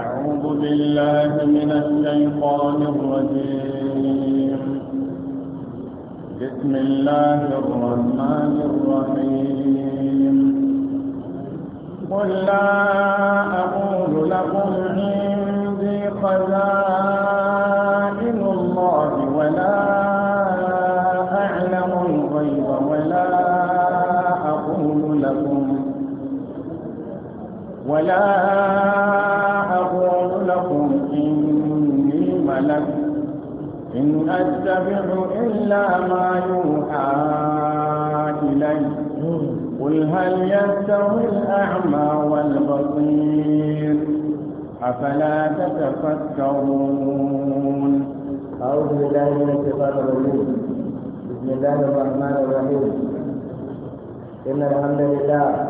أعوذ بالله من الشيطان الرجيم بسم الله الرحمن الرحيم قل لا أقول لكم عندي خزائن ولا أقول لكم إني ملك إن أتبع إلا ما يوحى إلي قل هل يستوي الأعمى والبصير أفلا تتفكرون أعوذ بالله من الشيطان الرجيم بسم الله الرحمن الرحيم إن الحمد لله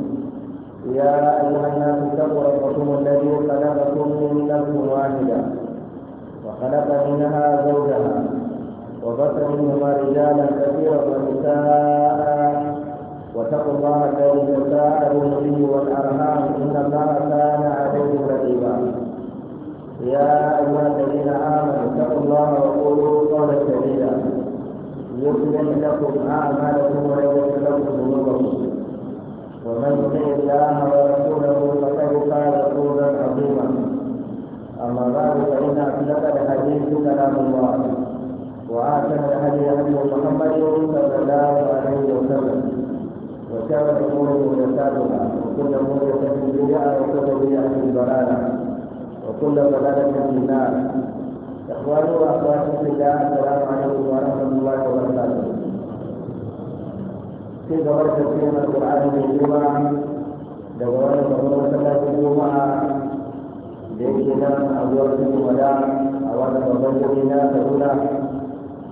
يا أيها الناس اتقوا ربكم الذي خلقكم من نفس واحدة وخلق منها زوجها وبث منهما رجالا كثيرا ونساء واتقوا الله الذي تساءلون به والارحام ان الله كان عليكم رقيبا يا ايها الذين امنوا اتقوا الله وقولوا قولا سديدا يصلح لكم اعمالكم ويغفر لكم ذنوبكم ومن يطع الله ورسوله فقد قال قولا عظيما اما بعد فان اصدق الحديث كلام الله واحسن الهدي هدي محمد صلى الله عليه وسلم وشر الامور محدثاتها وكل محدثه بدعه وكل بدعه ضلاله وكل ضلاله في النار اخواني واخواتي في الله السلام عليكم ورحمه الله وبركاته في قبل تسليم القرآن بالجمعة دوران قبل صلاة الجمعة بإجتماع أبواب الوداع أوان قبل تسليم الأولى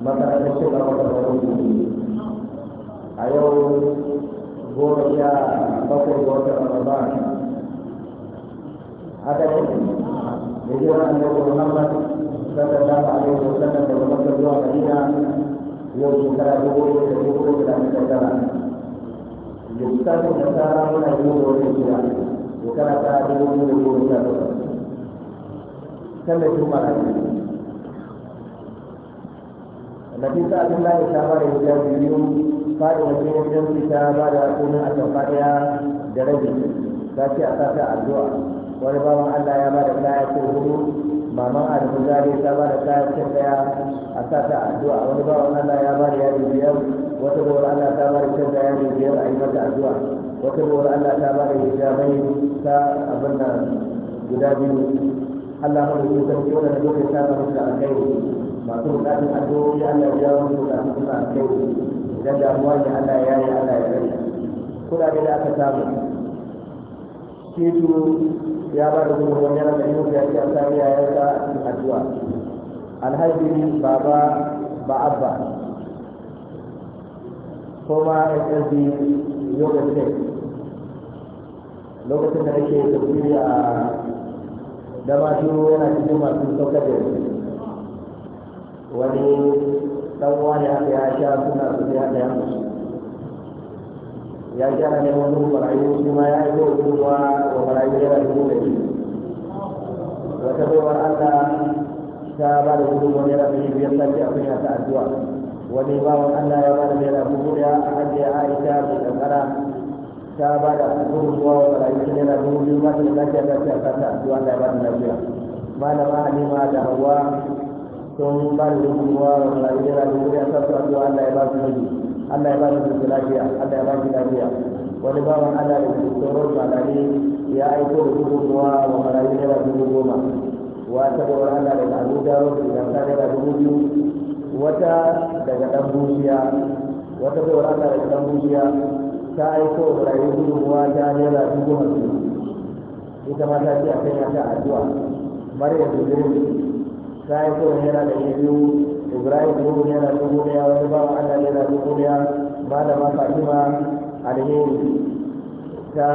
مثلا الشكر والتفرد أيوم قوم يا بكر بوكر رمضان هذا يجب أن يقول محمد صلى الله عليه وسلم لمكة الله مدينة يوم شكرا بقوله تقول لك da ta da tsara muna yi da wani gida shekara ta dubu biyu da goma sha takwas tallafin marayu Nafisa Abdullahi ta ba da ya da hijira biyu fadi wajen wajen fita ba da sunan atamfa ɗaya da rabi ta ce a sa ta addu'a wani bawan Allah ya ba da kaya ko hudu maman adamu ne ta ba da kayan daya a sa ta addu'a wani ba wani allah ya ba yari biyar wata bawar allah ta ba da can da yari biyar a yi mata addu'a wata bawar allah ta ba da hijabai ta abin da guda biyu allah mu yi zan yi wani lokacin ta ba da kai masu bukatun addu'o'i allah ya wani bukatun suna kai idan damuwa ne allah ya yi allah ya rai kuɗaɗe da aka samu keto ya ba da wani yana da yi da ya sami yayansa a cikin addu'a alhaji baba ba abba kuma ssd yoga state lokacin da nake tafiya a ne yana cikin masu saukar da wani ɗan wani haka ya sha suna su ya ta yamusu ya gyara neman wani barayi shi ma ya yi ko kuma wa barayi yana dubu da shi wata baiwar Allah ta ba da dubu wani yana dubu biyar ta ce abin ya ta addu'a wani bawan Allah ya ba da naira dubu da a ajiye Aisha mai kankara ta ba da dubu ruwa wa barayi shi naira dubu biyu ma ta lafiya ta ce a ta addu'a Allah ya ba da lafiya malama Halima da hawa sun ba da dubu ruwa wa barayi naira dubu da ta addu'a Allah ya ba su lafiya Allah ya ba shi lafiya Allah ya ba shi lafiya wani bawan Allah da ke tsoron malari ya aiko da dubu kuma wa malari naira dubu goma wata gawar Allah da daga Abuja wata gasa naira dubu biyu wata daga ɗan bushiya wata gawar Allah daga ɗan bushiya ta aiko da malari dubu goma ta naira dubu hamsin ita ma ta ce a kai ta addu'a Maryam Jibril ta aiko da naira ɗari biyu ibrahim dubu naira dubu daya wani bawan allah naira dubu ma a fatima alheri ta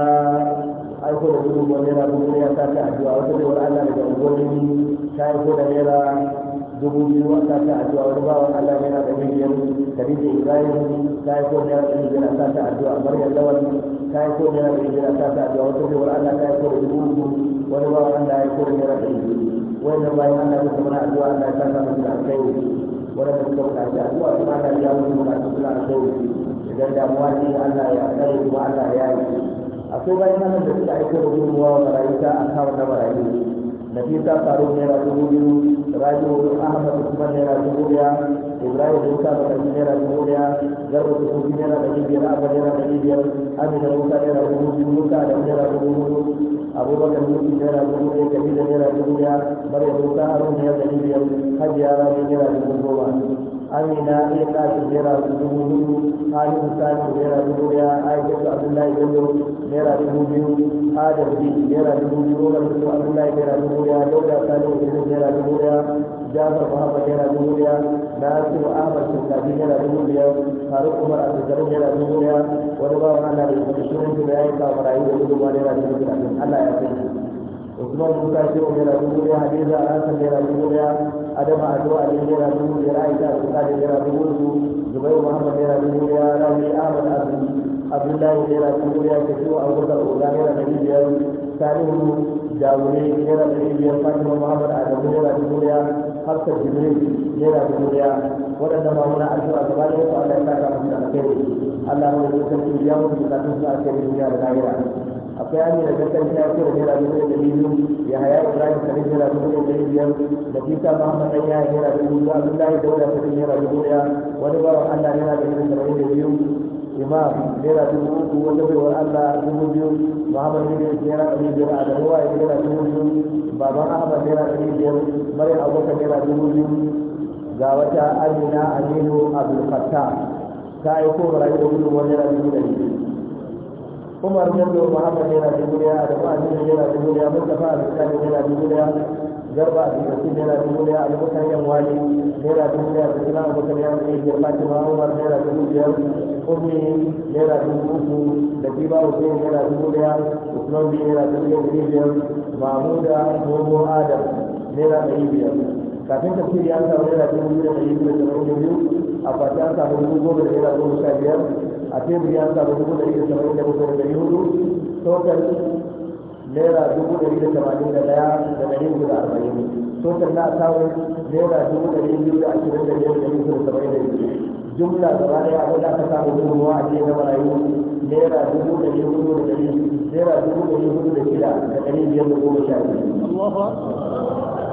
aiko da dubu goma naira dubu daya ta ta addu'a wata wani allah daga unguwanni ta aiko da nera dubu biyu a sa ta addu'a wani bawan allah yana da miliyan da ibrahim ta aiko da naira ɗari biyar a sa ta addu'a yadda wani ta aiko da naira ɗari biyar a sa ta addu'a wata wani allah ta aiko da dubu uku wani bawan allah ya aiko da nera ɗari biyu Wai bayan Allah ya kuma addu'a Allah ya saka musu alkhairi wanda suka buƙaci addu'a kuma Allah ya musu buƙatu suna idan damuwa ce Allah ya kare kuma Allah ya yi akwai bayan Allah da suka aika da gudunmuwa wa marayuta a kawo na marayu Nafisa Faruk Naira dubu biyu, Rabiu Ahmad Usman Naira dubu ɗaya, Ibrahim Musa Bakari Naira dubu ɗaya, Garba Tukuki Naira ɗari biyar, Abba Naira ɗari biyar, Amina Musa Naira dubu biyu, Musa Adam Naira dubu biyu, abubakar mutu naira dubu ɗaya kabila naira dubu ɗaya maryam musa haruna ya ɗari biyar hajiya rabi naira dubu goma amina iya tashi naira dubu hudu ali musani naira dubu daya aisha abdullahi bello naira dubu biyu adam bi naira dubu biyu umar yusuf abdullahi naira dubu daya dauda salihu yusuf naira dubu daya jafar muhammad naira dubu daya nasiru ahmad shinkafi naira dubu biyar faruk umar abdulkarim naira dubu daya wani bawan allah da shirin da ya yi kawo marayu da gudunmawa naira dubu biyar allah ya kai usman musa ce wa naira dubu hadiza a san naira dubu adama addu'a ne naira dubu ɗaya aisha a kuka da naira dubu biyu zubairu muhammad naira dubu ɗaya rami ahmad abdullahi naira dubu ɗaya ke ciwo abubakar oga naira ɗari biyar salihu jagore naira ɗari biyar fatima muhammad adamu naira dubu ɗaya hafsa jibril naira dubu ɗaya waɗanda ba muna addu'a gaba ɗaya su allah ya saka musu da allah su ya mutu da su a duniya da lahira akwai amina da kan ta ya da naira dubu da biyu ya haya ibrahim kan naira dubu da biyar da fisa muhammad dan ya naira dubu da abdullahi dauda naira dubu da wani bawan allah naira dubu da da biyu imam naira dubu uku wata baiwar allah dubu biyu muhammad naira ɗari biyar a da ruwa naira dubu biyu baban ahmad ɗari biyar maryam abubakar ta aiko umar bin muhammad yana da adamu aminu yana duniya Mustapha al-islam yana duniya garba abdulkasim yana da duniya al-bukan yanwali yana duniya da suna abokan fatima umar yana da biyar yana da da jiba hussein yana duniya usman bin yana da miliyan mahmuda adam naira ɗari biyar kafin tafsiri an samu naira dubu da ɗari da saba'in a an samu dubu goma da a tebur ya samu dubu ɗari da saba'in da bakwai da total naira dubu da da ɗaya da ɗari da arba'in total na samun naira dubu ɗari biyu da da da ɗari da da jumla gaba ɗaya abin da aka samu gudunmuwa a cikin na marayu naira dubu ɗari da ɗari naira dubu ɗari da shida da ɗari biyar da goma sha biyu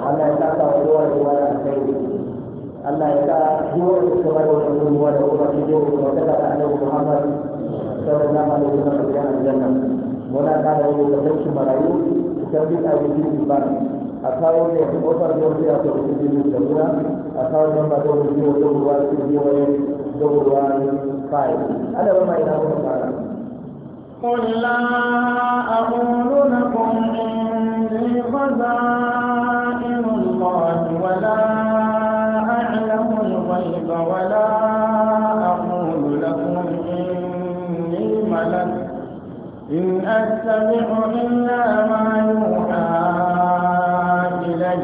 Allah ya saka wa kowa da kowa da Allah ya sa duwar da suka bada wani gudunmuwa da kuma su je da wata da annabi Muhammad sallallahu alaihi wa sallam da aljanna muna kada wani da sarki marayu kan bi a wajen ban a kawo ne kofar da wani ya ta wajen da mura a kawo ne ba قل لا أقول لكم إني خزائن الله ولا الحق ولا أقول لكم إني ملك إن أتبع إلا ما يوحى إلي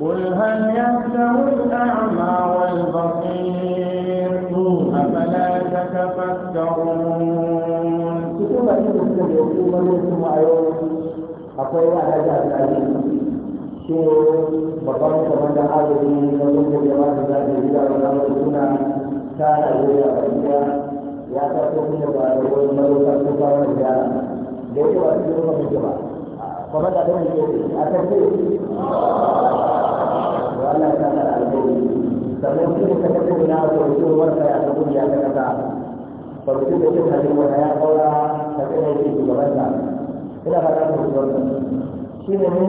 قل هل يستوي الأعمى والبصير أفلا تتفكرون. syuruh bahawa kepada ahli ini menunggu jemaah kita di dalam dalam tuntunan cara dia berdia ya satu punya baru merusak tuan dia jadi orang itu menjawab kepada ada yang jadi apa tu? Wala kata ahli sebelum kita sebut kita tahu itu luar saya tu pun jangan kata Perlu baca hari mulanya pola, tapi hari itu juga banyak. Kita akan berbincang. Siapa ni?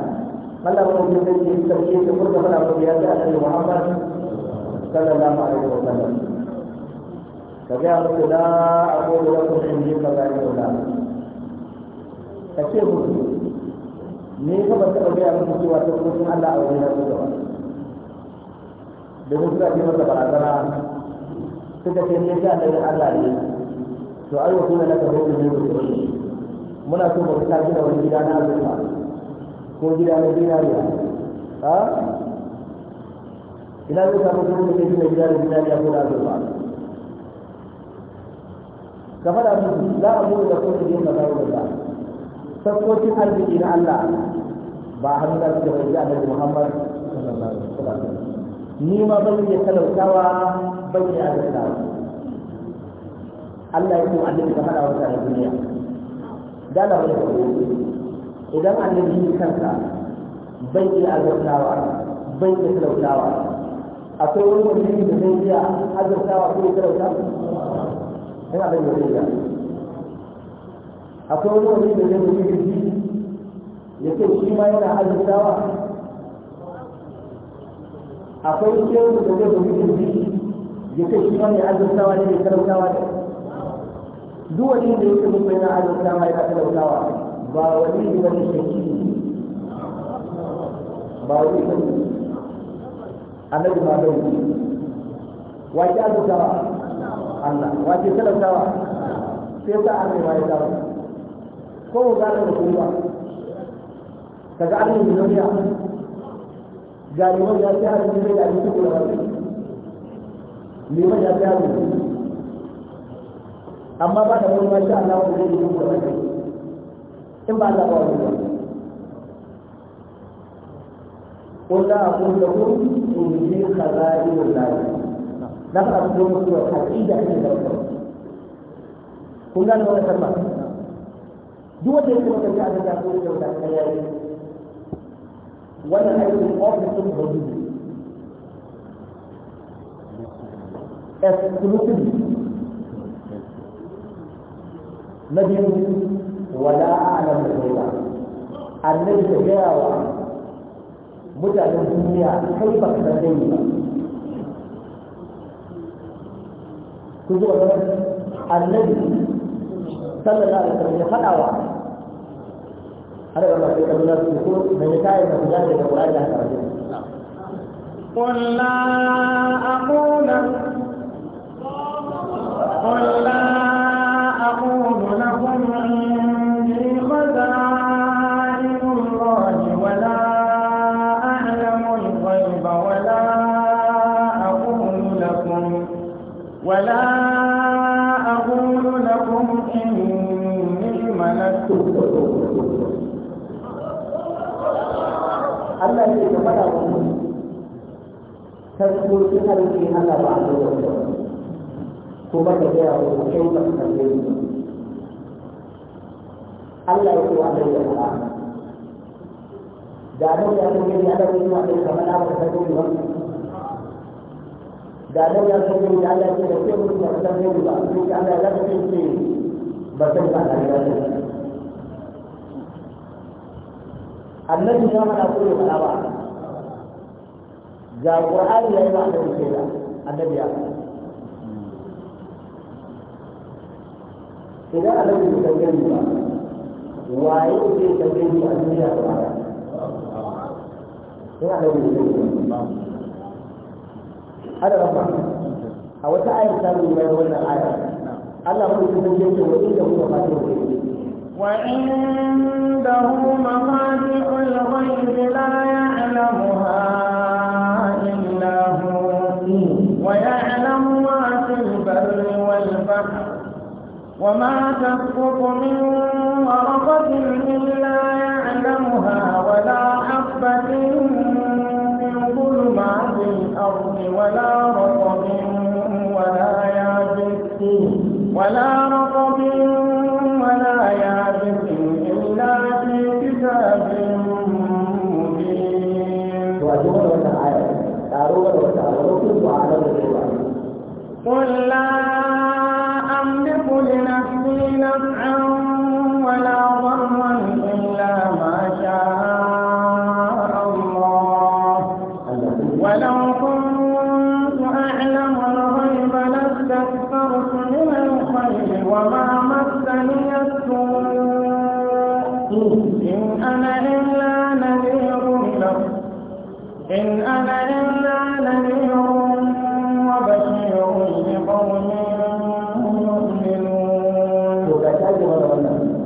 Allah ko mun san shi sarki da kurka fara ko ya ta Allah Muhammad sallallahu alaihi wa sallam kaga ku da abu da ku sun yi kaza ne da kace ku ne ka ba ta ga mu cewa ta sun Allah a wajen ku da da mutum ake masa barazana suka ce ne ga da Allah ne to ayo kuma na ka hoto ne muna so mu ta gida wani gida na ko gida na zinariya ha ina ya samu kuma da gina gida da zinariya ko da zuwa ka faɗa su za a bude da kuma yin da zaru da sakkocin arziki na Allah ba hannu da suke gida da Muhammad ni ma ban yi talautawa ban yi azurfa Allah ya kuma annabi ka faɗa wa mutane duniya dala wani ya idan annabi kansa bai iya azurtawa bai iya talautawa akwai wani mutum da zai iya azurtawa ko ya talauta ina da yau da akwai wani mutum da zai mutu shi? ya ce shi ma yana azurtawa akwai shehu da zai mutu jiki ya ce shi ma ne azurtawa ne ya talautawa ne duk wani da yake mutu yana azurtawa yana talautawa ba wani ne wani shaki ba wani ne annabi ma bai wace azutawa Allah wace talautawa sai ka annabi ma ya dawo ko mu ga da kuma kaga annabi ne ya galiban ya ce har ne da shi kula da liman ya ce har amma ba da kuma masha Allah ko zai yi kula da in ba Allah ba ku in ji kazari na faɗa su domin suwa haƙiƙa ne da wata kun gane wani sarfa duk wanda yake ta da ku da hudu na biyu wala a'lamu ghaiba annabi ta gaya wa mutanen duniya kai ba ka san ba ku ji wannan annabi sallallahu alaihi wasallam ya faɗa wa har ba sai ka nuna su ko da ya kai da guda da Qur'ani da karatu قل قل لا dace ka faɗa wa mutum tasboki harshe haka ba a lokacin ba kuma ka gaya wa kai ba ka gani Allah ya Allah ya faɗa da nan ya san gani Allah ya ce wa Allah ya faɗa ba ka gani ba da nan ya san da Allah ya da kai ba ka gani ba sai Allah ya ba san ba ka gani annabi ya mana kullu fada ga qur'ani ya yi ma annabi ke da annabi ya idan annabi ya tambaye ni ba waye ke tambaye ni a duniya ba ina da wani hada rafa a wata ayar ta nuna wannan ayar Allah kuma ya tambaye ni wa inda kuma fatiha وعنده مفاتح الغيب لا يعلمها إلا هو ويعلم ما في البر والبحر وما تسقط من ورقة إلا يعلمها ولا حبة من ظلمات الأرض ولا رطب ولا يابس ولا رطب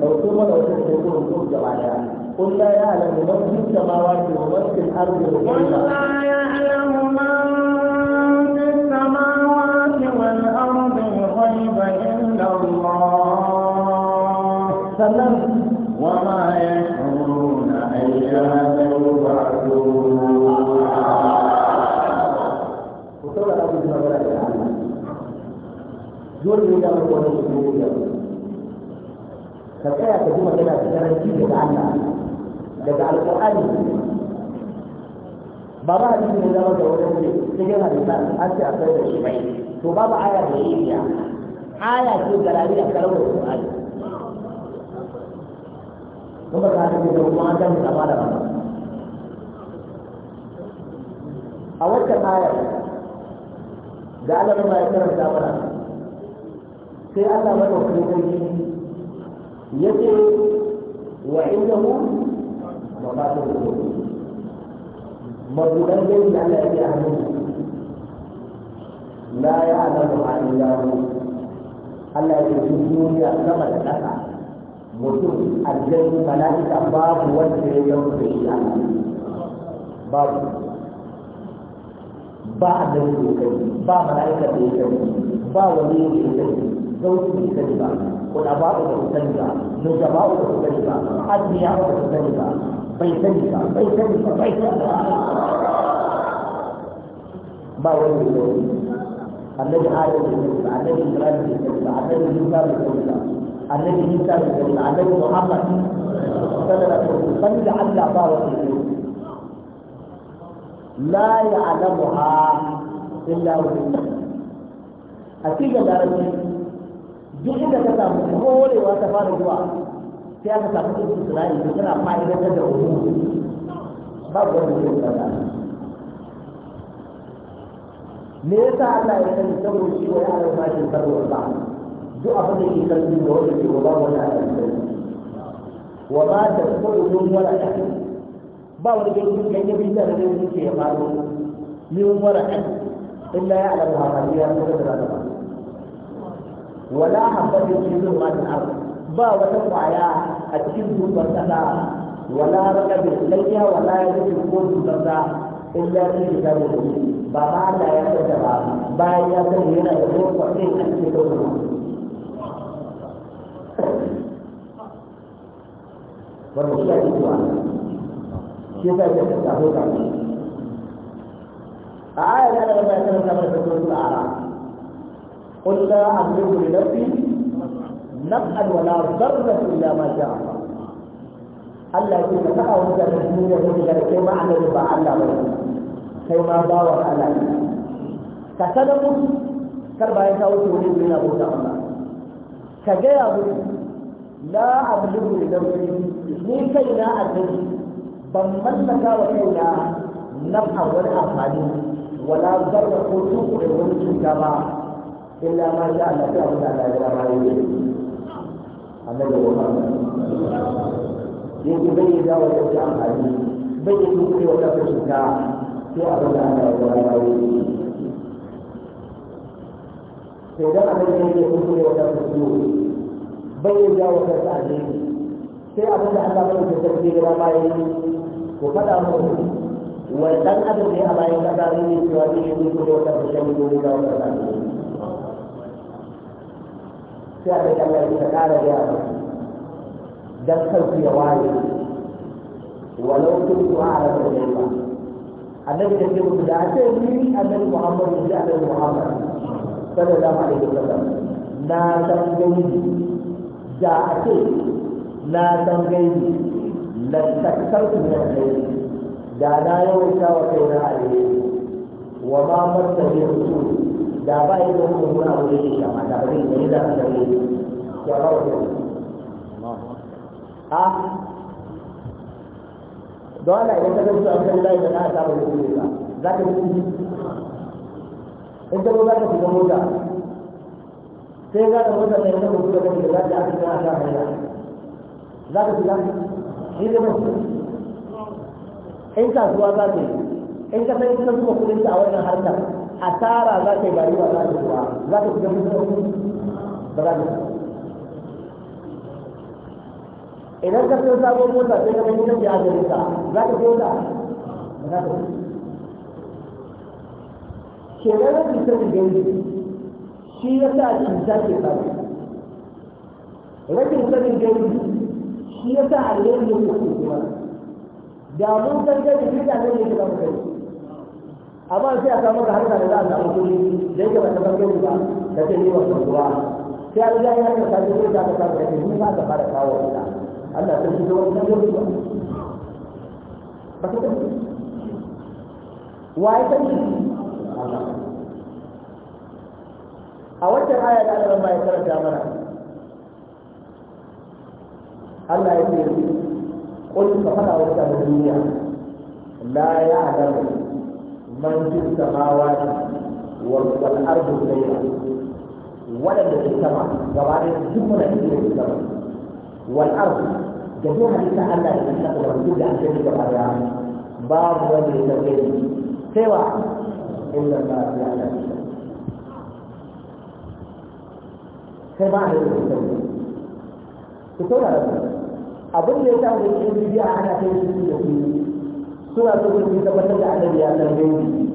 لو ثم لو تشركون كل جماعة قل لا يعلم من في السماوات ومن في الأرض قل لا يعلم من في السماوات والأرض الغيب إلا الله سلم وما يشعرون أيام يبعثون وصلى الله عليه وسلم جل جلاله daga Allah daga alƙur'ani ba ba hadisi ne zama da wani ne cikin hadisa an ce akwai da shi mai, to babu aya da shi ya aya ce garari a karar alƙur'ani kuma ka hadisi da kuma an gami da mana a wancan ayar da Allah ba ya karanta mana sai Allah madaukakin sarki ya ce وعنده مقاتل الكفر مطلوبا ليس على يد اهله لا يعلمها الا هو الا يجوزون يعلم الاسعى mutum aljanni mala'ika babu wanda ya yau da shi a babu ba a da kai ba mala'ika da ya kai ba wani kai ba والاباء والسنبا نجباء والسنبا اغنياء والسنبا بيتنبا بيتنبا بيتنبا ما ولي الذي آدم بالسنبا الذي إبراهيم بالسنبا الذي موسى بالسنبا الذي عيسى بالسنبا الذي محمد صلى الله عليه وسلم صلى على بارك لا يعلمها إلا هو أكيد لا يعلمها duk inda ka samu ta fara zuwa sai aka samu cikin isra'ila da tana fa'idantar da hukumu wani zai me Allah ya sani saboda shi wa ma shi ba duk abin da ke karfi da wani ke ba wani a wa ba ta yin wani ba wani gani ganyen bisa da zai suke ya faru min wala ɗan illa ya'ala ma shi ya sarwa da ba wala habbatin fi zulmatil ard ba wata ƙwaya a cikin dukkan kasa wala raqabin layya wala yadin ko dukkan In ya fi kitabin ba ma Allah ya tsada ba bayan ya san yana da lokacin din a cikin dukkan wannan shi ake zuwa. shi a da ya da قل لا أملك لنفسي نفعا ولا ضرة إلا ما شاء الله Allah ya ce ka kawo da duniya ne da kai ma annabi ba Allah ba kai ma bawa Allah ka sanar musu kar bayan ka wuce wani yana bauta Allah ka gaya musu la ablugu da dawri ni kai na annabi ban mallaka wa kaina wani amfani wala zarra ko da wani cuta ba illa ma sha Allah sai abin da Allah ya dama yi annabi Muhammad yake bai da ta amfani bai da duk wata fashika sai abin da Allah ya dama yi sai da abin da yake duk wata fashika bai da wata tsare sai abin da Allah ya dama yi da dama yi ko fada mu wai dan adam ne a bayan kasa ne sai a rika Allah ya ƙara gaya musu don kanku ya waye walau kun ku a rabu da a annabi da ke musu da a ce ni annabi Muhammad ne da annabi Muhammad sallallahu alaihi wasallam na san gani da a ce na san gani na takartu min al da na yawaita wa kaina alayhi wa ma mattabi rasul da ba yi da wani wani abu da yake shama da ba zai da yi da ka ya ba a ah. don Allah idan ka ga su abin da ya na ta ba da kuma za ka ji in ta za ka shiga mota sai za ka mota mai ta kuma da kake za ka aka kana ta hanya za ka shiga shi ne mutum in kasuwa za ka yi in ka san ita zuwa kudin ta a wannan harkar asara za ta yi bari ba za ta yi ba za ta shiga mutum ba za ta idan ka sai sabon mota sai ka mai gidan da azumi ka za ka sai da za ta yi kenan rafi da gani shi ya sa cuta ke faru rashin sanin gani shi ya sa alheri ya ke kuma da mun san gani duk da nan ne shiga amma sai a samu da harka da za a samu kuɗi da yake ba ta farko ba da ta yi wa kasuwa sai a riga ya ka sake ta ka samu da ni ba ka fara kawo wata Allah sai shi da wani nan yau ba ba ta wa ya sani a wancan aya da Allah ba ya karanta mana Allah ya ce man fi samawati wal ardi layla wadanda ke sama gaba duk muna cikin da sama wal da duk ta Allah da kanta da wanda da ake da gaba da babu wanda ya tabe ni sai wa illa ma ya Allah sai ba da ya ku saurara abin da ya sa da ke biya ana kai shi da yi. suna so su tabbatar da annabi ya san gani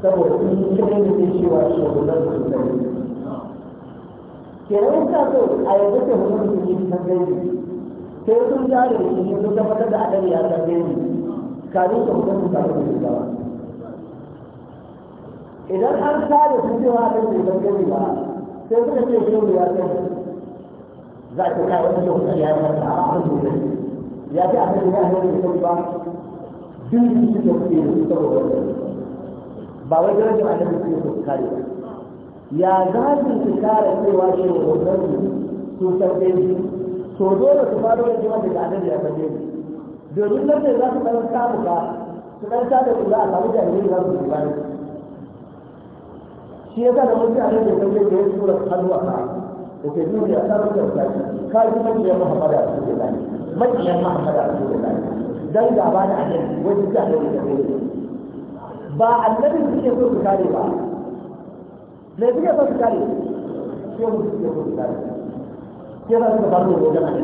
saboda sun kira ne da cewa shi ne da su sani kenan sa so a yanzu ta hukumar su ne san gaibi sai sun ja da shi sun tabbatar da annabi ya san gani kafin su da su kafin su idan an kare su cewa annabi bai san ba sai suka ce shi ne ya san za ta kai wani lokaci ya san a ya ji ya hanyar da ba duk su da kuke da su ba wai su kare ya za su su kare cewa wannan su su to dole su fara wani jima daga annabi ya san dai domin nan za su ɗan samu ba su ɗan sa da kula a samu jami'ai za su ba ne shi ya sa da mutum a a da ke duniya ta maƙiyar Muhammad Rasulullah dan gaba da ajiyar wajen da annabi da dole ba annabi suke so su kare ba me suke so su kare sai mu suke so su kare sai ba su ba da wajen annabi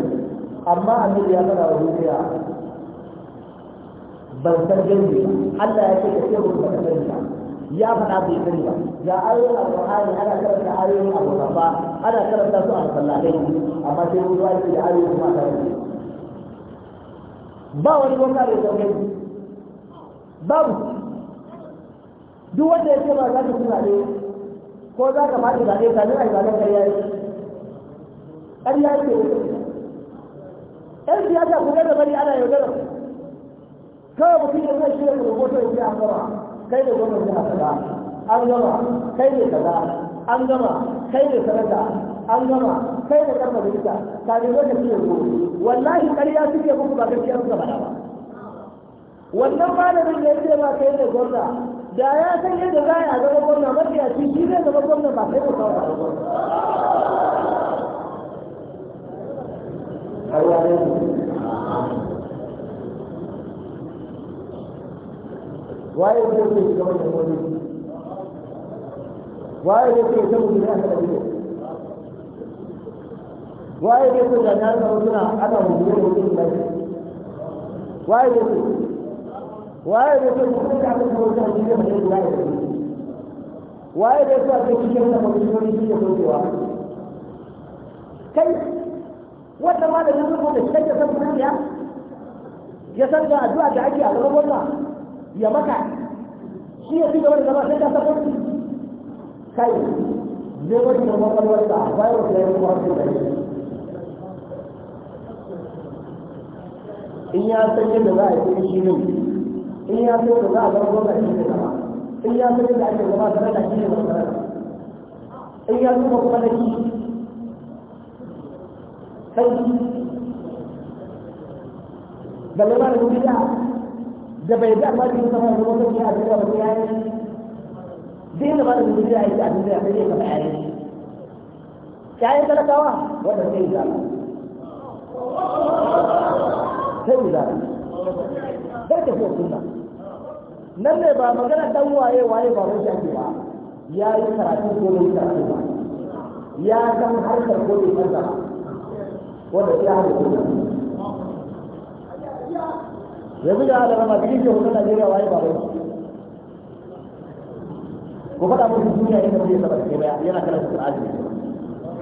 amma annabi ya fara wa duniya ban san gani Allah ya ce ka ce ba ka sani ba ya faɗa bai sani ba ya ayo a alƙur'ani ana karanta ayoyin abu ana karanta su a masallatai amma sai ruwa yake da ayoyin kuma karanta ba wani gwamna da ya babu duk wanda ya ce ba za ka ci zaɓe ko za ka faɗi zaɓe ka nuna karya yi. ne ƙarya ne Yan siyasa ku da bari ana yaudara kawai mutum ya zai shirya da rubutu ya ce an gama kai ne gwamnati a kaza an gama kai ne kaza an gama kai ne sanata an gama kai da kan majalisa ta ne da fiye ko wallahi ƙarya suke muku ba gaskiya suka ba wannan malamin da yake ma kai da gwamna da ya san yadda za a zama gwamna a shi zai zama gwamna ba kai da kawai ba waye ne ke shiga wannan wani waye ne ke shiga wani waye ne su da na ana rubuce da wurin da waye ne su waye ne su kuma da aka da shi da mai da ya waye ne su aka kike da shi da kaucewa kai wanda ma da ya zo da shi da san kuriya ya san da addu'a da ake a gaban wannan ya maka shi ya fi gaba da zama sai ka san kai zai wani da kwakwalwarsa bayan wasu ya yi kwakwalwarsa in ya san yadda za a yi shi ne in ya san yadda za a zama gwamna shi ne zama in ya san yadda ake zama sarara shi ne zama in ya san kuma da shi kai da lura da gudunta da bai da amma jikin sama da wata biya a cikin wata yayi duk yadda ba da gudunta ya yi a duniya sai ya kama yayi yayin talakawa wanda sai ya zama sai wuzari bai tafiya sunna nan ne ba magana ɗan waye waye ba wani ake ba ya yi karatu ko bai karatu ba ya san harkar ko da san ba wanda sai ya haɗu yanzu da ala rama cikin shehu na Najeriya waye ba wani ko faɗa musu duniya inda bai saba da kai yana karatu Qur'ani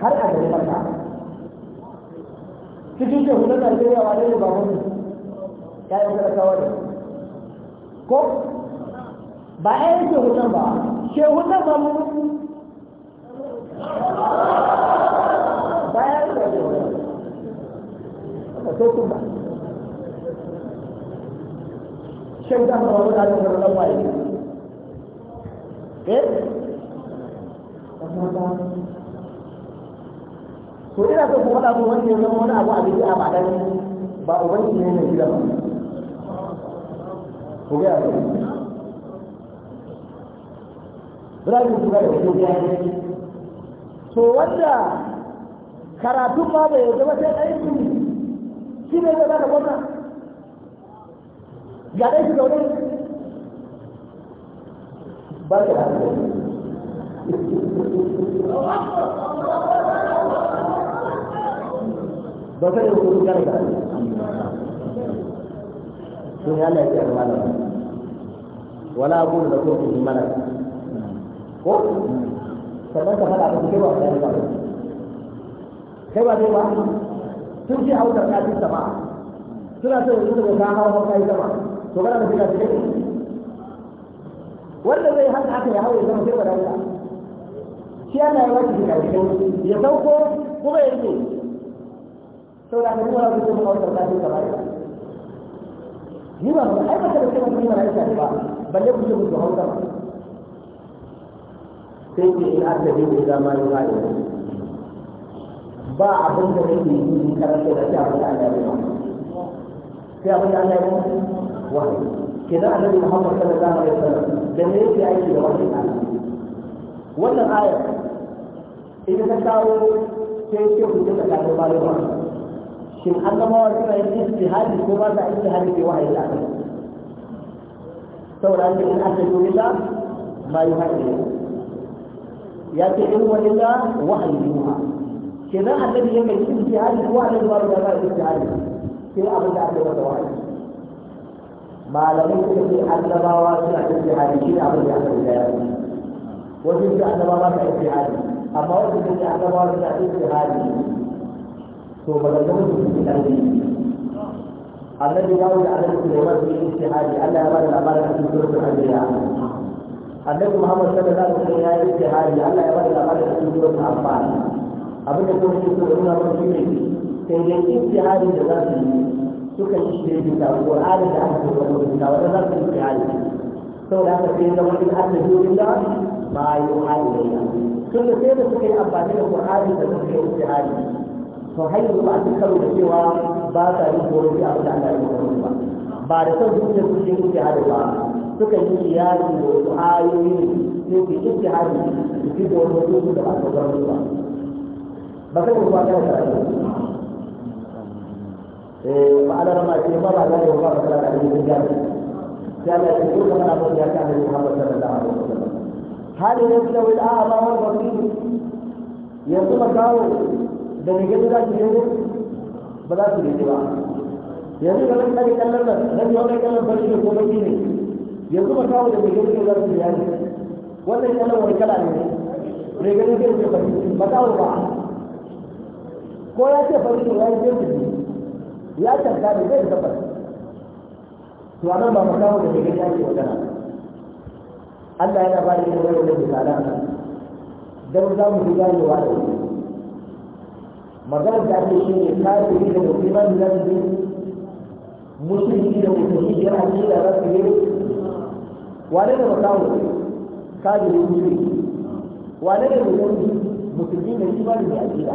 har a gare maka cikin shehu na Najeriya waye ba wani ƴaƴan talakawa da ko ba ƴaƴan shehunan ba shehunan ba mun? ba ƴaƴan da shehunan ba sai kun eh? ba shan da hawa da da da ba ne eh ina so ku faɗa mu wanda ya zama wani abu a a ba dan ba ubangiji ne ne gida ba ko Ibrahim kuma da to wanda karatu ma bai sai shi ne zai bada gwamna ga zaune ba da ba sai da kuma gara da wala abu da ko in mana ko sannan ka faɗa abin kewa da ba kai ba dai ba Tun ce aukar ka fi sama suna son yanzu daga ka hawa ka kai sama to kana da fika cikin wanda zai haka aka ya hawa ya zama sai wadanda shi Allah ya wata fika cikin ya sauko kuma ya rike sau da aka nuna wani kuma aukar ka fi sama ni ba ba aikata da kuma kuma na ba balle ku ce musu hausa sai ce in aka je ku zama yi ba ba abin da nake yi ni karanta da shi abin da Allah ya yi sai da Allah ya yi wahayi annabi Muhammad sallallahu alaihi wasallam da ne yake aiki da wannan ayat wannan ayat idan ta kawo sai ce ku ce tsakanin bayan shin annabawa suna yin istihadi ko ba istihadi ke wahayi da Allah سورة اللي من أسجد لله ما يهدر يأتي علم لله وحي جمعه كذا الذي يمكن في الجهاد هو أن يدوار جماعة في الجهاد كذا أبو جهاد ودوار ما لم يكن في أدبا واسع في الجهاد كذا أبو جهاد ودوار وجد في أدبا أما وجد في أدبا واسع في الجهاد ثم لم يكن في الجهاد annabi dawo da annabi Sulaiman sun yi istihadi Allah ya bada labarin a cikin suratul anbiya annabi Muhammad sallallahu alaihi wasallam ya yi istihadi Allah ya bada labarin abin da kuma cikin suratul nuna shi shine sai dai istihadi da za su yi suka yi shi da ta Qur'ani da aka kuma rubuta wanda za su yi istihadi saboda haka sai zama in an da yi da ma yi hali da da sai da suka yi amfani da Qur'ani da suka yi istihadi to har yanzu ba a cikin karo da cewa ba sa yin horo da abin da Allah ya yi ba ba da son zuciyar su ke kuke hada ba suka yi iyali da wasu ayoyi ne ke kuke hada da fi da wani wasu da ba su gano ba ba kai ba ta da eh ba ala rama ce ba ba da ba ba da ni da ya ya ce ko kana ba ya kana Muhammad sallallahu alaihi wasallam hal yaslawi al-a'ma wal basir yanzu ba kawo በነገራችን ደግሞ በላቱ ይገባ የዚህ በመጣሪ ቀለለ ለዚህ ወደ ቀለለ ወደ ዲኒ የዚህ መታው ለሚገኝ ነገር ይላል ወለ ቀለለ ወደ ቀላል ነው ነገሩ ግን በታው ባ कोई ऐसे बड़ी बुराई दे सकती या सरकार दे सकता स्वागत बाबा को लेके जाए होता है अल्लाह ने बारी को लेके जाना दर्जा मुझे वाले magana da ake shi ne kafiri da musulman lambi musulmi da musulmi yana ce da rasu ne wane ne makawo kafiri musulmi wane ne musulmi musulmi da shi ba da akida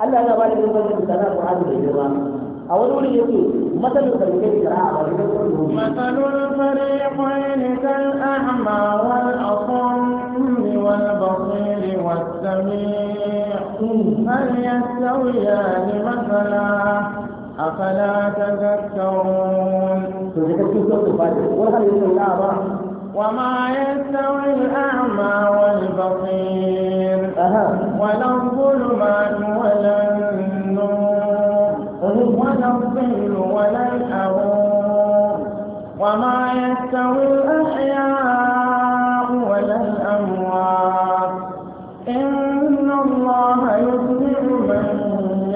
Allah ya ba da yin wani misala ko hadu da girma a wani wuri yake matsalin farke da ra'a ba da wani matsalin farqain da هل يستويان مثلا أفلا تذكرون وما يستوي الأعمى والبصير ولا الظلمات ولا النور ولا الظل ولا الأرور وما يستوي الأعمى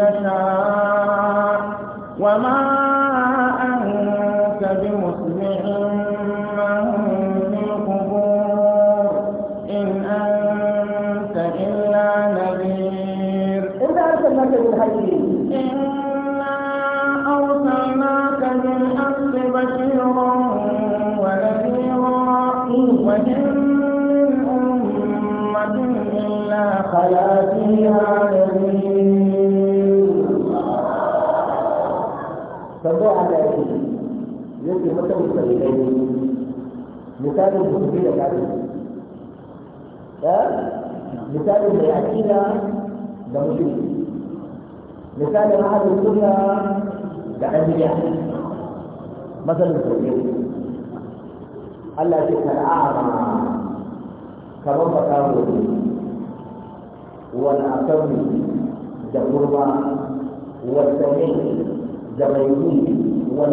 يشاء وما أنت بمسمع من في القبور إن أنت إلا نذير إنا أرسلناك بالحق إنا أرسلناك بالحق بشيرا ونذيرا وإن في مثل السيدين مثال الجمهورية كاملة مثال اللي يأتينا ده مشرك مثال أهل السنة ده أنبياء مثل الجمهورية Allah ce kal'ama kamar baka gobe wani asabu da kurma wani da mai yi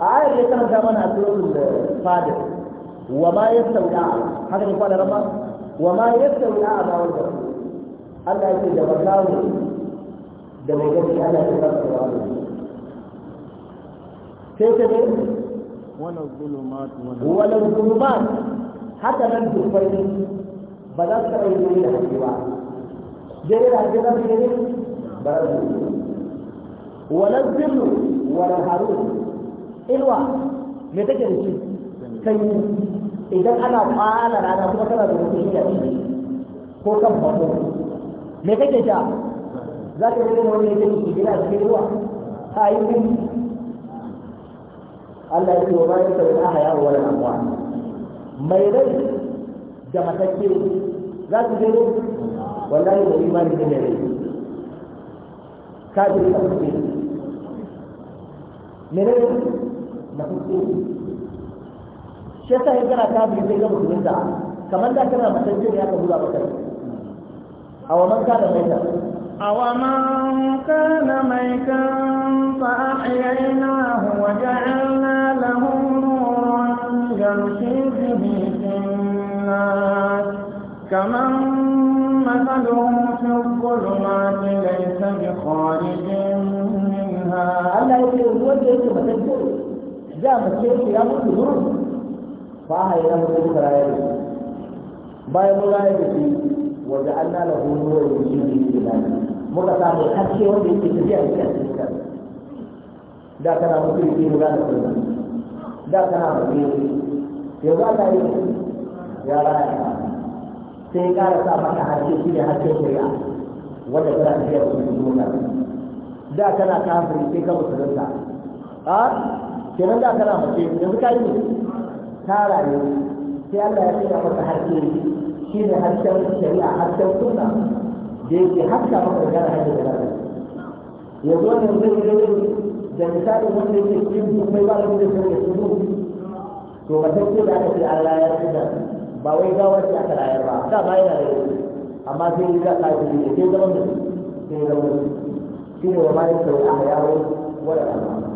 آية اللي كانت دامنا سورة الصادق وما يستوي الأعمى هذا اللي قال ربنا وما يستوي الأعمى والبصير Allah yake da makawo da mai gani ana da kasa da wani sai ta ne wala zulumat haka nan dubbai ba za su taɓa yi da haske ba jere da haske za su yi ba za su yi wala zilu wala harun inuwa me take da shi sanyi idan ana kwana rana kuma kana da wani shi da shi ko kan bako me take sha za ka rage wani yake shi gina cikin ruwa ta yi kun Allah ya ce wa bayan sa da haya wa wani abuwa mai rai da matakke za su je wallahi da imani da mai rai ka sa su ne ne na kuskure shi yasa ya gana ta biyu zai ga musulunta kamar da kana mutunci ya ka hula maka a wa man kana mai a wa man kana mai kan fa ahyaynahu wa ja'alna lahu nuran yamshi bihi nas kaman مثله في الظلمات ليس بخارج منها ألا يجوز وجهك مثل da mace ce ya mutu zuru fa hayya mu duka raye da bayan mun raye da shi wa ja'alna lahu nuran yushiru bihi ga samu haske wanda yake tafiya da a cikin kan da kana mutu yake mu gane ne. da kana mutu yanzu Allah ya yi ya ta. sai ƙara sa maka haske shi ne haske shari'a wanda kana tafiya da shi da kana kafiri sai ka musulunta a kenan da kana mace yanzu ka yi ta rayu sai Allah ya tsaya maka harshe shi ne harshen shari'a harshen sunna da yake haska maka gara hajji da ya yanzu ne zai zai da misali wanda yake cikin dubbai ba da zai zai su to ba ta ce da aka ce Allah ya tsaya ba wai gawar ce aka rayar ba da ba yana da amma sai ya ka yi da ke zaman da sai wani. shi ne wa mai sai a yawo wa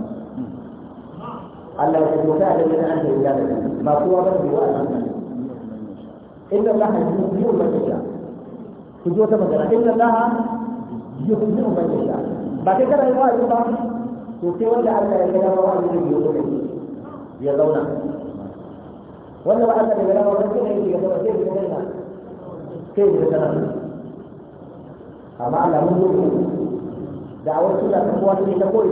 Allah ya ce mota da yana yi ila da ba kowa ba su yi wa'azi inna Allah yuhibbu man yasha ku ji wata magana inna Allah yuhibbu man yasha ba kai kana yi ba to sai wanda Allah ya gada wa'azi da yau ya zauna wanda ba Allah ya gada wa'azi da ya zauna sai ya zauna sai ya zauna amma Allah mun zo da a wasu da ta koyi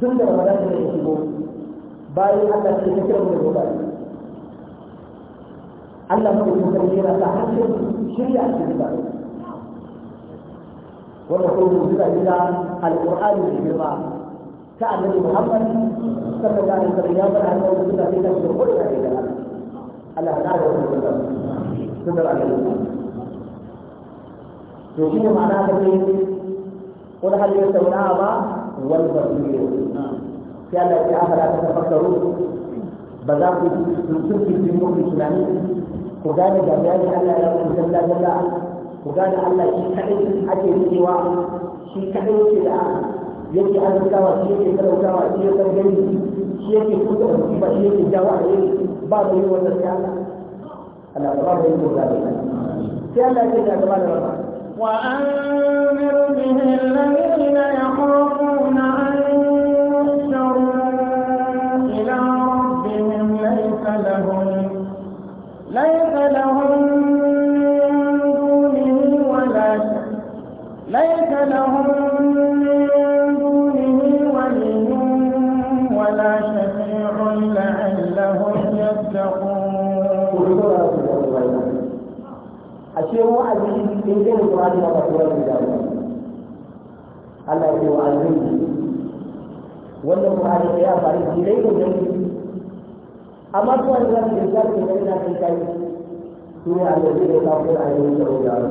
tun da ramadan da ya shigo bayan Allah ke ta kira da gobe Allah ke ta kira yana ta harshen shirya a cikin gobe wanda ko mu zuwa ila alqur'ani da girma ta annabi Muhammad sallallahu alaihi wasallam ya bar annabi da zuwa ila da gobe da Allah Allah ta da gobe tun da ramadan to shi ne ma'ana da ne wani hali ya sauna ba والبصير كان في أفلا تفكروا بذاك يمكن في الأمور الاسلامي وقال جميعا ألا يوم جل وقال ألا شيء كحيل أكيد سوى شيء كحيل كذا يجي على يتوى شيء يتوى يتوى شيء يتوى شيء يتوى مصيبة شيء يتوى بعض يوم تسعى ألا الله يقول ذلك كان لكن أدوان وأنذر به الذين يخافون ليس لهم من دونه ولا ليس لهم من دونه ولي ولا شفيع لعلهم يتقون ashe wa'azi in gani Qur'ani ba ta wani da Allah ya ce wa'azi wannan Qur'ani ya fara shi dai da amma kuma da za su yi za su yi na kai kai su ne a yanzu da kafin a yi da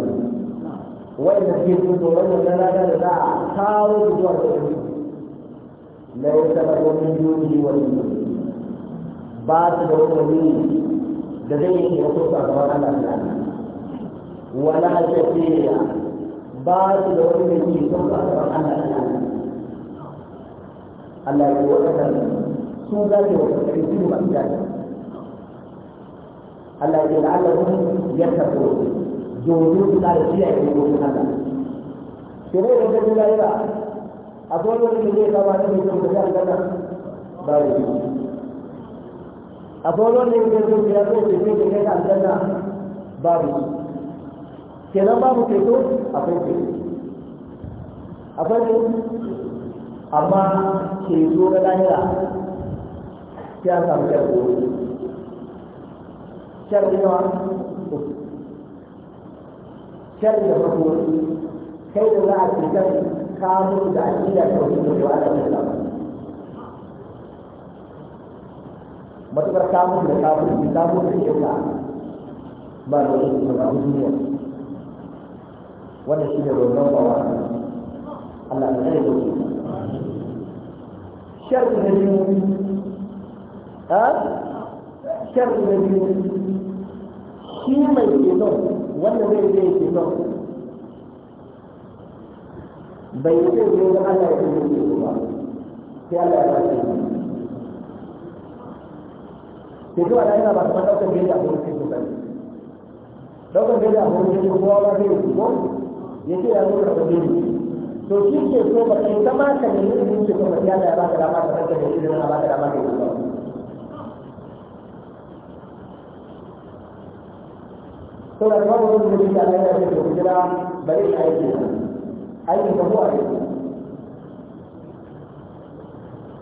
Wani wanda ke fito wannan na rana da za a kawo zuwa da wani na yi sabon miliyoyi wani ba su da wani da zai yi ya so sakamakon Allah da Allah wala shafiya ba su da wani mai ke son sakamakon Allah da Allah Allah ya yi waɗannan su za su yi waɗannan su Allah ya ce la'allahum yattaqun domin su kare kiyaye dokokin Allah to ne da kuma yana wani da zai kama ne da kuma da aljanna ba ya yi akwai wani da zai kuma ya zo da zai kai aljanna ba ya yi kenan babu ceto akwai ceto akwai ne amma ceto na lahira sai an samu شر شر الحكم كيف بعد الشر خاضوا بعد إلى توحيد وعلى الإسلام matuƙar samun da samun da samun da shirka ba da wani kuma na duniya wannan shi ne roƙon bawa Allah ya tsare shi sharri na biyu ha sharri na biyu shi mai kenan wanda zai zai kenan bai yi zai zai ana ya ne zai ba sai Allah ya zai ke zuwa da yana ba ta ɗaukar da ya abu da ke ɗaukar da abu da ke kowa ba zai yi kuma ya ce ya zuwa da ɗaukar to shi ke so ba ke zama ka ne yin ke so ba sai Allah ya ba ka dama ka ɗaukar da ya ba ka dama ka yi ba saboda ba mu zuwa da Allah ya ce ku jira bari a yi aiki da mu a yi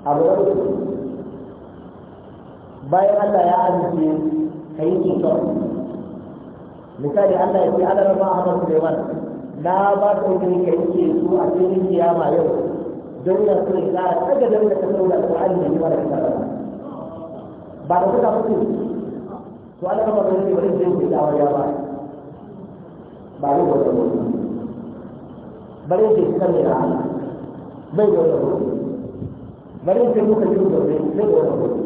abu da bayan Allah ya amince ka yi kisan misali Allah ya ce ana rama Ahmad Suleiman na ba ka yi ka yi su a cikin kiyama yau don ya so ya tsara daga da ya kasar da Al-Qur'ani da yawa da kasar ba da suka mutu to Allah ba zai yi wani zai yi dawa ya ba ba zai gwada mutu bari ke kusa mai rana zai gwada mutu bari ke muka yi gobe zai wata mutu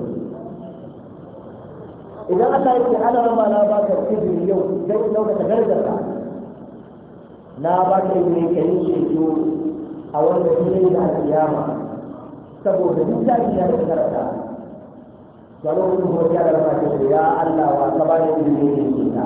idan aka yi ce ana rama na ba ka kibiri yau zai da ta gargaza na ba ka yi ne ka yi ceto a wanda shi da alƙiyama saboda duk da shi ya karanta da lokacin hoto ya rama ya Allah wa ka ba da ilimi ne ke ta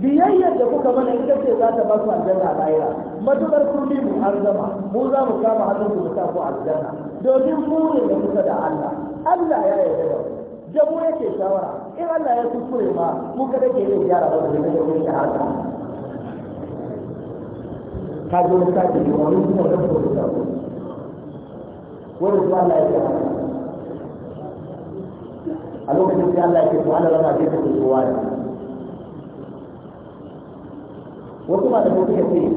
biyayyar da kuka mana ita ce za ta ba su aljanna a matukar matuƙar bi mu an zama mu za mu kama hannun ku mu ku aljanna domin mu da kuka da Allah Allah ya yarda da mu yake shawara in Allah ya kuskure ma mu da ke yin gyara ba da kake yin haka ka zo ka ji wani kuma da ku da ku wani kuma Allah ya yi a lokacin da Allah ya ce ku Allah ya ce ku kowa ne wasu ba da mutu ya ce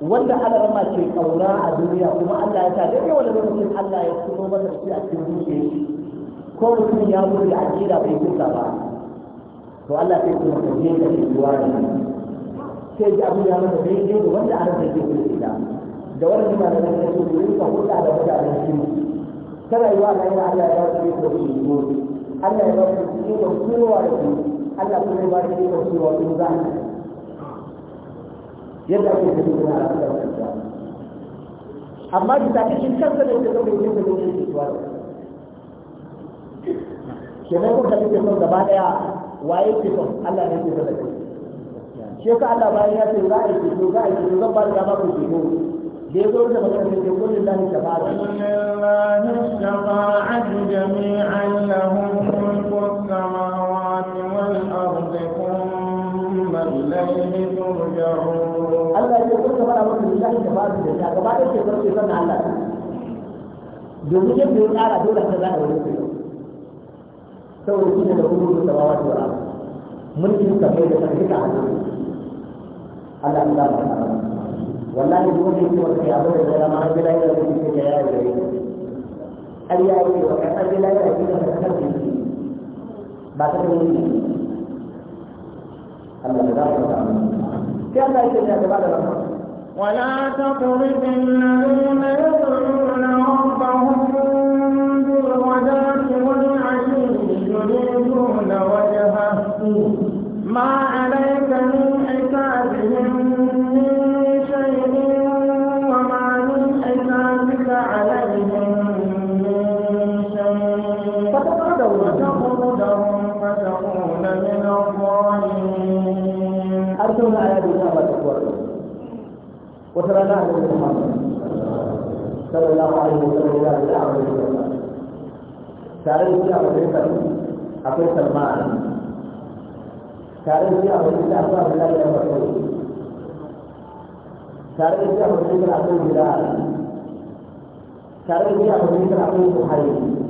wanda Allah ma ke kauna a duniya kuma Allah ya sa da yawan lokacin Allah ya fito masa shi a cikin zuciya ko mutum ya mutu da aqida bai kusa ba to Allah sai kuma ka je ka yi duwa ne sai ji abu ya masa daidai da wanda Allah zai ke kusa da wanda ba da nan ko ka hulɗa da mutanen shi kana yi wa Allah Allah ya ba ku ko shi Allah ya ba ku ko kowa da ku Allah kuma ya ba ku ko kowa da ku yadda ake tafi da a cikin amma da tafi shi kansa da kuma bai yin da bai da ke nan kuka fi kifin gaba daya waye kifin Allah ne kifin da shi yasa Allah bayan ya ce za a yi kifin za a yi kifin zan ba da dama ku kifin بيقول لما كان يقول لله الشفاعة لله الشفاعة جميعا له ملك wani abu. إليه ترجعون الله يقول كما أمر بالله شفاعة الجنة كما يقول شفاعة الله domin yadda ya tsara dole ta zaɗa wani kuma saboda shi ne da kuma da samawa ta wara mulkin ka mai da kan duka a nan Allah ya ba ta wallahi dole ne wanda ya bar da zama da lafiya da kuma da yayi da yayi Allah ya yi wa kasar da lafiya da kuma da kasar da ba ta da wani Allah ya dafa ta mun. a Allah yake ya gaba da rabu. Wala ta kuri bin nan ne ba hukumun duru wajen su wani ashe ne da wajen hasu. Ma ni أنفسهم فتكون من الظالمين أرسلنا على دنيا وتقوى وترى لا محمد صلى الله عليه وسلم إلى الأمر وسلم تعالى إلى أمر وسلم أقول سلمان تعالى إلى أمر وسلم أقول الله الله الله الله الله إلى الرسول تعالى إلى أمر وسلم أقول بلال تعالى إلى أمر وسلم أقول محيي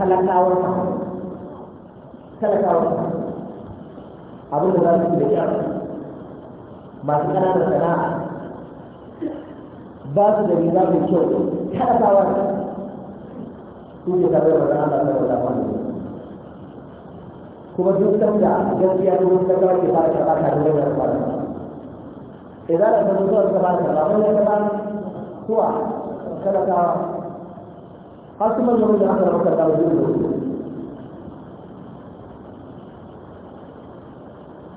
talakawar talakawar abin da za su da masu ƙananan sana'a ba su da riga mai kyau talakawar su ne tare da sana'a da wadawa kuma duk sanda gaskiya ne wani talakawa ke fara shafa ta da wani idan da ta zuwa ta fara wani talakawa खासमन लोगों जहाँ पर हम सरकार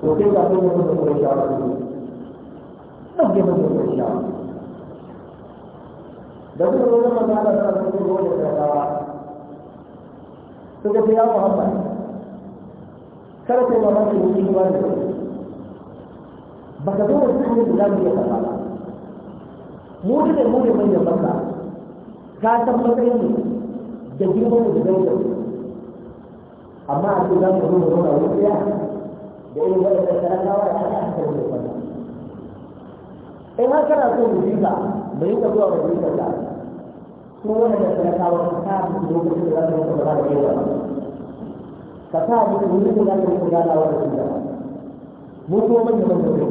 छोटे जाते लोगों को परेशान सब जीवन को परेशान जब लोगों का मजा करता है तो वो लेता था तो, तो जैसे आप वहां पर सर से मामा की रोटी हुआ बकतों में हमने बुला दिया था मूड में मूड में बंद बंदा क्या सब मतलब नहीं da girman da zai da amma a ce za mu zo mu nuna wuri ɗaya da irin waɗanda talakawa ya haɗa hankali da kwanta in har kana so mu jika mu yi zuwa mu jika ta su waɗanda talakawa ka sa mu lokacin da za mu yi gaba da yawa ka sa mu wuri da za mu yi ganawa da su da mu kuma manyan manyan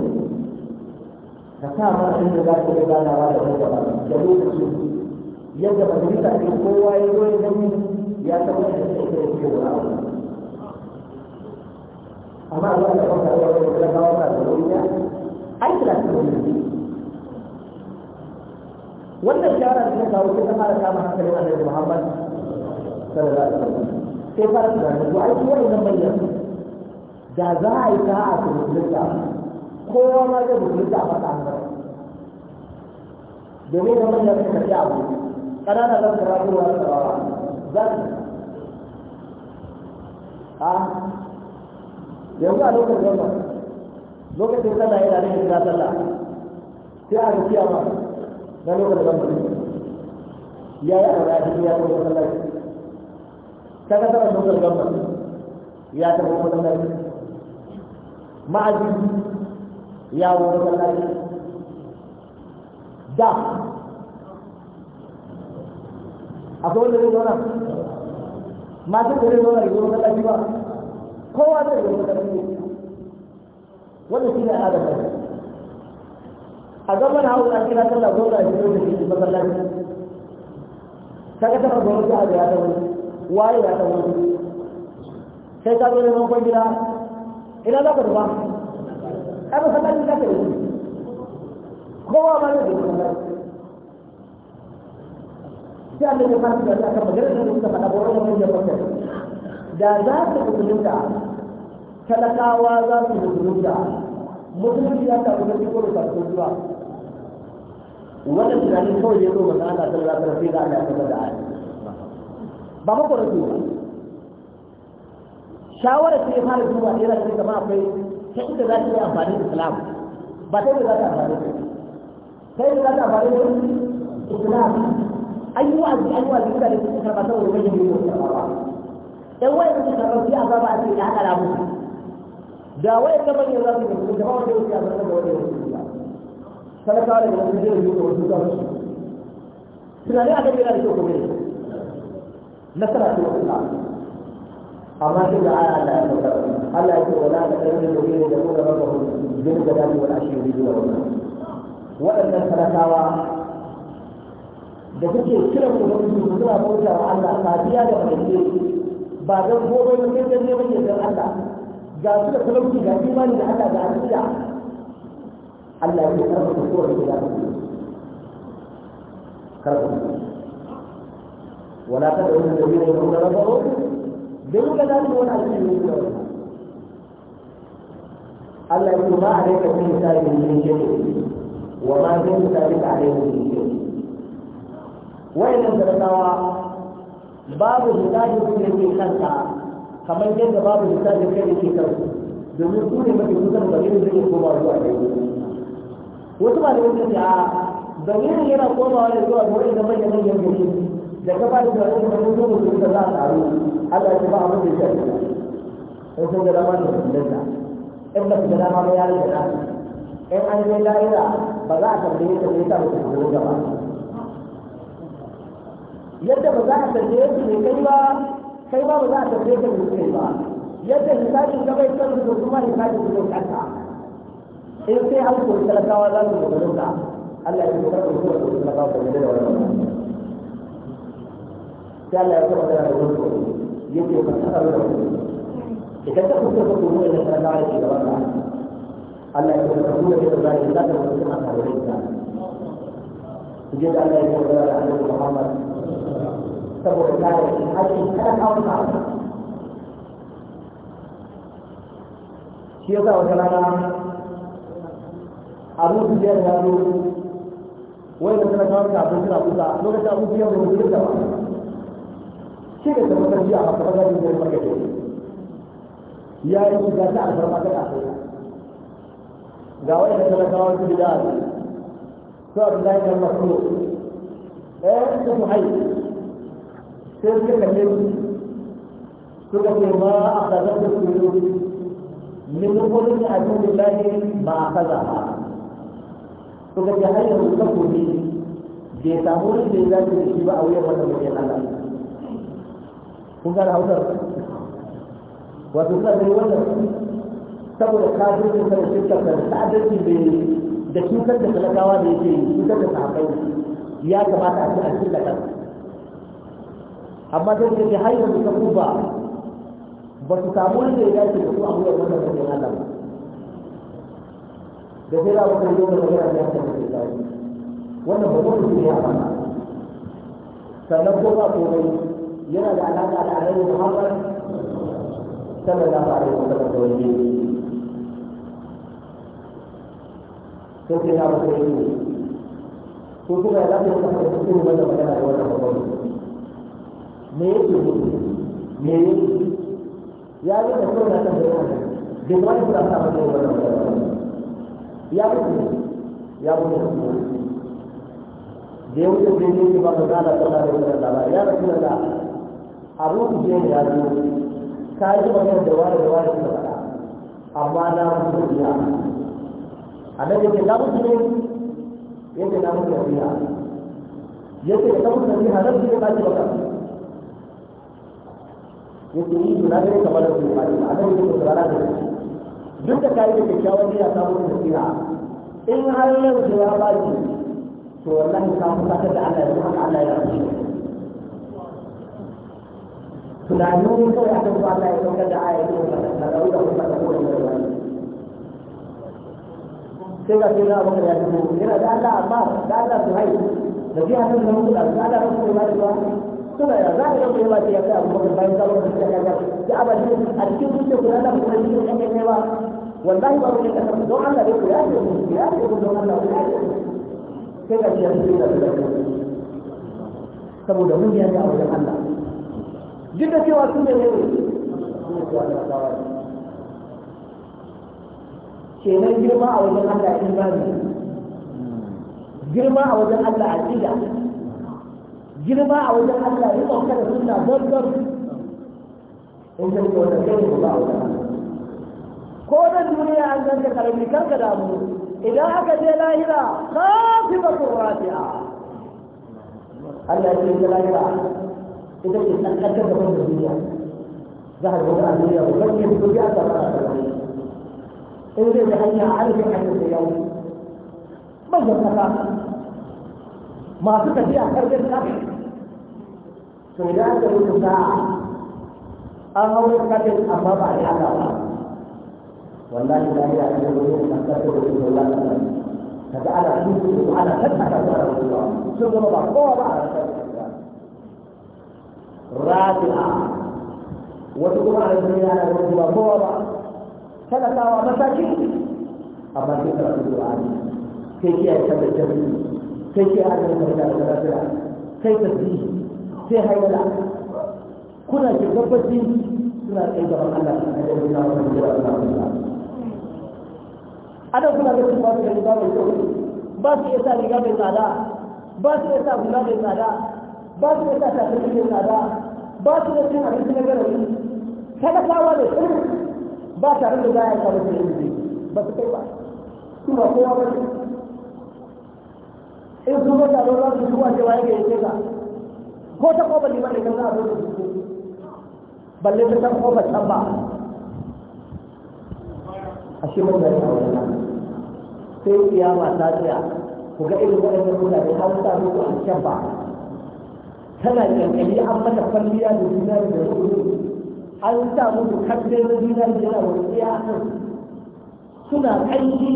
ka sa da inda za mu yi ganawa da su da lokaci yadda majalisa ne kowa ya zo ya gani ya san da suke da ke wura amma a yau da kuma da da kuma da da wuri ya ai kira su wuri wannan shawara da ta kawo ta fara kama hankalin annabi Muhammad sai fara tunanin ko ai wani nan bayyana da za a yi ta a musulunta kowa ma zai musulunta a fata hankali domin da manyan suka a abu ƙanana zan kara ko wani karawa zan su a yanzu a lokacin yamma lokacin sallah yana da shiga sallah sai a rufi a na lokacin yamma ya yi aure a cikin ya kuma sallah kaga tana lokacin yamma ya tafi kuma sallah ma'aji ya wuce sallah da akwai wanda zai zauna matan da zai zauna da gobe kaɗa ba kowa zai gobe kaɗa ne wanda shi ne adam a gaban hawa an kira sallah ko da shi da shi masallaci kaga ta farko wani abu ya wani, waye ya wani? sai ta zo neman kwangila ina za ka duba ai masallaci za ka ce. kowa ma ne da masallaci sai Allah ya fara da aka magana da suka faɗa ba wannan da bakai da za ta musulunta talakawa za su musulunta musulunci ya samu da cikin da zuwa wannan tunanin kawai ya zo ga Allah sallallahu alaihi wasallam sai da Allah ya fara da ayi ba ba kwarar ba shawarar fara yana kama ta za ta amfani da islam ba ta yi da za ta amfani da ta yi da za ta amfani da islam أي واحد من أنواع الكتب التي تشربته يبين منه القرآن لو وين تشرب في أضرار أسئلة على أبوها دا وين تبين الرب من كل ما وجه في أضرار وجه فلا تعالى من الجيل اليوم والجيل سنا لا أدري لا أشوف منه نسرة الإسلام أما كذا على أن ألا يقول ولا تكلم الذين يدعون ربهم بالغداة والعشي يريدون وجهه وأن الفلكاوى da kuke kira ku da mutum ku zuwa bauta wa Allah biya da fadalle ba dan gobe ne sai dan Allah ga su da talauci ga imani da Allah ga aqida Allah ya karɓa ku ko da karɓa ولا تدعوا الذين يدعون ربهم دون ذلك ولا تشركوا به الله يقول ما عليك من wa ma zai وما دون ذلك عليه من شيء wayannan talakawa babu hisabi su da ke kanka kamar yadda babu hisabi kai da ke kanku domin su ne mafi kusan da yin zai koma zuwa da wasu ba malamai sun ce a domin yana komawa ne zuwa ga wani da manyan manyan gari da ka fara da wani da wani mutum da za a taru Allah ya ba abin da ya shafi in sun ga dama da sundanta in ba su ga dama ba ya rage na in an je la'ira ba za a tambaye ta ne ta mutum da ba يد مزاح تجيب من كيبا كيبا مزاح تجيب من كيبا يد مزاح تجيب من كيبا يد مزاح تجيب من كيبا إيه أو كل ثلاثة ولا من كيبا ألا يكون كل ثلاثة ولا من كيبا ألا يكون كل ثلاثة ولا من كيبا يدي مزاح تجيب من في إذا كنت تقول كل ثلاثة ولا من ألا يكون كل ثلاثة ولا من كيبا ألا يكون كل ثلاثة ولا من كيبا جد الله يكون على محمد saboda ta da shi haƙƙin talakawan ba shi ya sa wata rana abu su biyar ya zo wani da talakawan ka abin suna kusa lokacin abu biyar da mutum da ba shi da ta makarci a masa fasarin da ya farkace ya yi shiga ta alfarma ta kafin ga wani da talakawan su biyar su abu da ya kalmar su ɗaya su haiti sai suka kalle su suka ce ma a kazar da su yi min wani a cikin lahi ba a kaza ba suka ce har yanzu ka koyi bai samu wani da ya zafi da shi ba a wuyan wata wannan mutum Allah kun gane hausar wato suna gani wannan saboda kafin da shirka da ta'addanci da da cutar da talakawa da yake cutar da sahabbai ya kamata a ce a cikin da kansa amma sai suka ce har yanzu kafu ba ba su samu wanda ya dace da su a wuyan wannan mutum Allah ba da sai za mu kai yau da magana a yanka da kai wannan ba kuma su ne a mana sannan ko ba komai yana da alaƙa da alayhi Muhammad sallallahu alaihi wasallam da kawai ne sai sai za mu kai ne ko kuma ya zaɓi wata kuma da magana da wannan ba me yake me yake ya yi da kyau na kan da yana da kuma da sa mata wannan ya mutu ya mutu da ya wuce da yake ba da zala tsala da wannan labari ya rasu da abu ku je ya zo ka yi magana da wani da wani suka faɗa amma na mutu biya annabi ke na mutu ne yake na mutu biya yake da mutu biya nan ne ba ki ba yake yi su na kamar da su ba ne a nan yake da da shi duk da kayi da kyakkyawan niyya ta mutu da tsira in har yau ya ba ki to wallahi ka fi sakar da Allah ya haka Allah ya rabu tunani kawai a kan Allah ya saukar da aya ne da ɗaru da kuma da kowane da wani sai ga sai na abu da ya fito yana da Allah amma da Allah su haihu da biya sun da mutu da Allah ya kuma da kuma suna da za a ga kuma ya kai abubakar bayan sabon da suka kaga ya abadi a cikin zuciya ku Allah kuma shi ne kake kai ba wallahi ba wani kasar don Allah dai ku ya ce ku ya ce ku don Allah ku ya ce sai ga shi su da saboda mun ya ga wajen Allah duk da cewa su ne ne kenan girma a wajen Allah in ba girma a wajen Allah a ƙida girma a wajen Allah ya ɗauka da suna gangar in ka ce wata kai ba a wajen ko da duniya an ganka karami karka damu idan aka je lahira kafi ba ku rafi'a Allah ya ce lahira ita ce tsakakar da ban duniya za a rubuta a duniya ba ne ku ya ta fara da wani in zai da hanya a harkar hanyar da yau ban da kasa masu tafiya karfin kasa to da aka mutu sa'a an hau kafin amma ba a yada ba wallahi da ya yi wani kasar da wani dola da kaga ana tutu ana tattaka da wani dola sun zama ba kowa ba a rasar rabi'a wasu kuma a yanzu yana da wani ba kowa ba talakawa mataki amma sai karatu Qur'ani kai kiyaye kan da jami'i kai kiyaye kan da karatu da kai tasbihi sai haila kuna ke tabbaci suna kai gaban Allah da ya wuce wa da Allah ada kuma da riga mai tsada, ba su sa riga mai tsada ba su sa gula mai tsada ba su yasa tafi mai tsada ba su yasa abinci na garari talakawa da su ba tare da zai ka mutum yanzu ba su kai ba su ba kowa ba in su ba tare da su zuwa cewa yake yake ka ko ta koba liman idan za a zo da su balle ta san koba can ba a shi mun gari a wani sai kiyama ta tsaya ku ga irin waɗannan da ya sa su a can ba tana yankari an mata kwalliya da zinari da rubutu an sa musu kalle da zinari da rubutu ya suna ƙanshi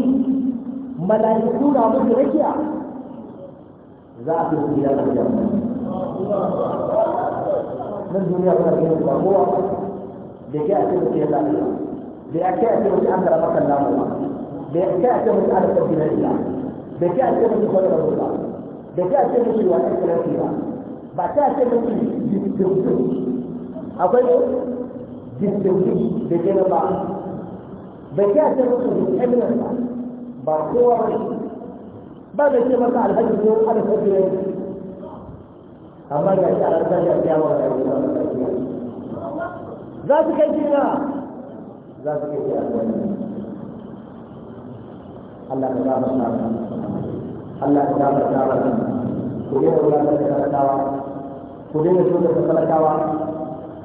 mala'iku na musu rakiya za a fi da aljanna نرجو اليوم نرجو المرموع بكأس في الله بأكأس أمر بطل الله بأكأس أمر في الله بكأس أن الله بكأس وأكل فيها بكأس بالتوجيه أقول بالتوجيه بكل الله بكأس بأمر الله بقوة بعد كده بقى الهجر على فكره amma da shi a rantar da ya wa rayu za su kai jina za su kai jina Allah ka gaba ta Allah ka gaba ta ku dai wala da talakawa ku dai wala da talakawa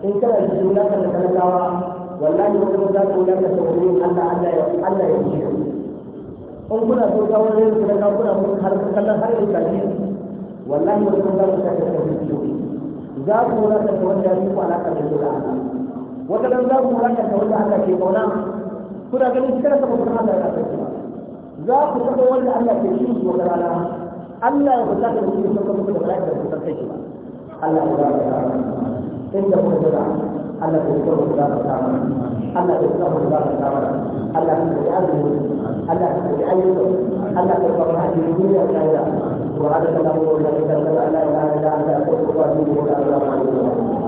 in kana ji wala da talakawa wallahi kuma za ku wala da tawfiq Allah Allah ya Allah ya ji in kuna so ga wani talakawa kuna mun har kallon har yin والله يكون لك تتوجه ذاك ولا تتوجه فيك ولا تتوجه عنه وكذا ذاك ولا تتوجه عنك في قولا كنا قد ذكرت مقرنا لا تتوجه ذاك تتوجه عنك في شيء وكذا الله يغتاك في شيء وكذا ولا تتوجه الله يغتاك إنه مجرد ألا تذكره دار الدار ألا تذكره دار الدار ألا تذكره ألا تذكره ألا تذكره ألا تذكره وهذا الأمر الذي تسأل أن لا إله إلا أنت أستغفرك وأتوب إليك السلام عليكم